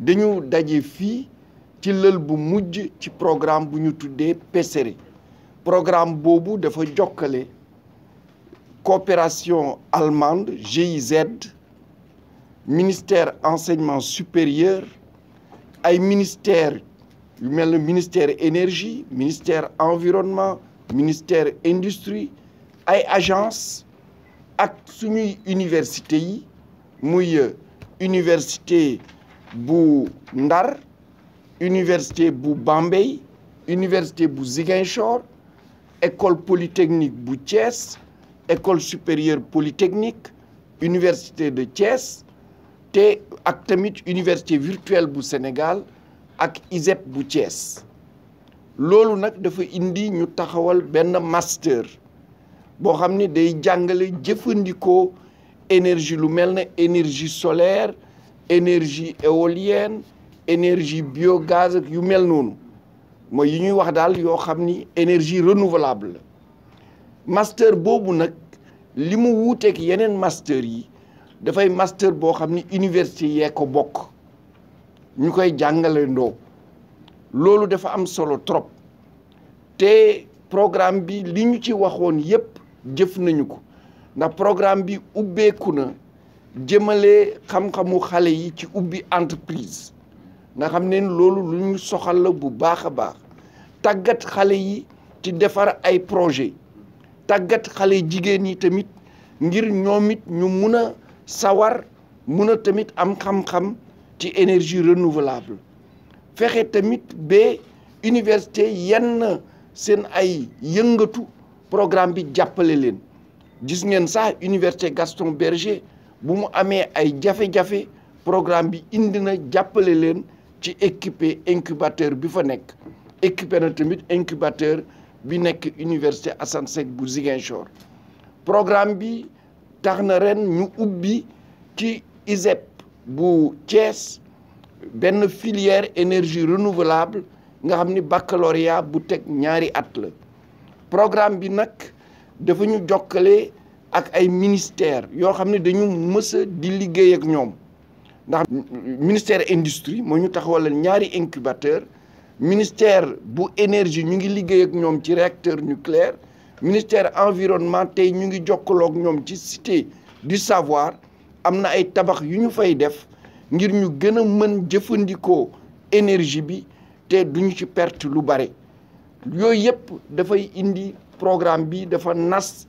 dañu dajé fi ci programme bu ñu PESERE programme de dafa coopération allemande GIZ ministère enseignement supérieur le ministère yu mel ministère énergie ministère environnement ministère industrie ay agence ak suñuy euh, université yi université bu Ndar université bu Bambey université bu Ziguinchor école polytechnique bu Thiès école supérieure polytechnique université de Thiès te ak tamit université virtuelle bu Sénégal ak ISEP bu Thiès loolu nag dafa indi ñu taxawal benn master boo xam ne day jàngale jëfandikoo énergie lu mel ne énergie solaire énergie éolienne énergie biogaz yu mel noonu mooy yu ñuy wax daal yoo xam ni énergie renouvelable la master boobu nag li mu wuuteeg yeneen master yi dafay master boo xam ni université yee ko bokk ñu koy jàngale ndoo loolu dafa am solo trop te programme bi li ñu ci waxoon yépp jëf nañu ko ndax programme bi ubbeeku na jëmale xam-xamu xale yi ci ubbi entreprise nga xam ne loolu lu ñu soxal la bu baax a baax tàggat xale yi ci defar ay projet tàggat xale jigéen yi tamit ngir ñoom it ñu mun a sawar mun a tamit am xam-xam ci énergie renouvelable fexe tamit ba université yenn seen ay yëngatu programme bi jàppale leen gis ngeen sax université Gaston Berger bu mu amee ay jafe-jafe programme bi indi na jàppale leen ci équipé incubateur bi fa nekk équipé tamit incubateur bi nekk université Assane Seck bu Ziguinchor programme bi tax na ren ñu ubbi ci ISEP bu Thiès benn filière énergie renouvelable nga xam ni baccalauréat bu teg ñaari at programme bi nag dafa ñu ak ay ministères yoo xam ne dañu mës di liggéey ak ñoom ndax ministère industrie moo ñu taxawal ñaari incubateur ministère bu énergie ñu ngi liggéey ak ñoom ci réacteur nucléaire ministère environnement tey ñu ngi jokkaloo ak ñoom ci cité du savoir am na ay tabax yu ñu fay def ngir ñu gën a mën jëfandikoo énergie bi te duñu ci perte lu bare yooyu yëpp dafay indi programme bi dafa nas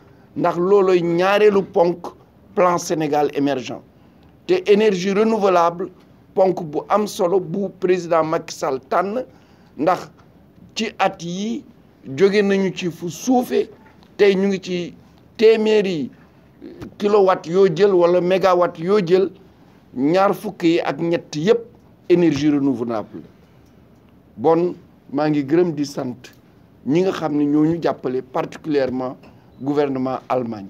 ndax looloy ñaareelu ponk plan Sénégal émergent te énergie renouvelable ponk bu am solo bu président Macky Sall tane ndax ci at yi jóge nañu ci fu suufee tey ñu ngi ci téeméeri kilowatt yo jël wala mégawatt yo jël ñaar fukk yi ak ñett yépp énergie renouvelable bon ma ngi gërëm di sante ñi nga xamni ñoo particulièrement gouvernement allemand.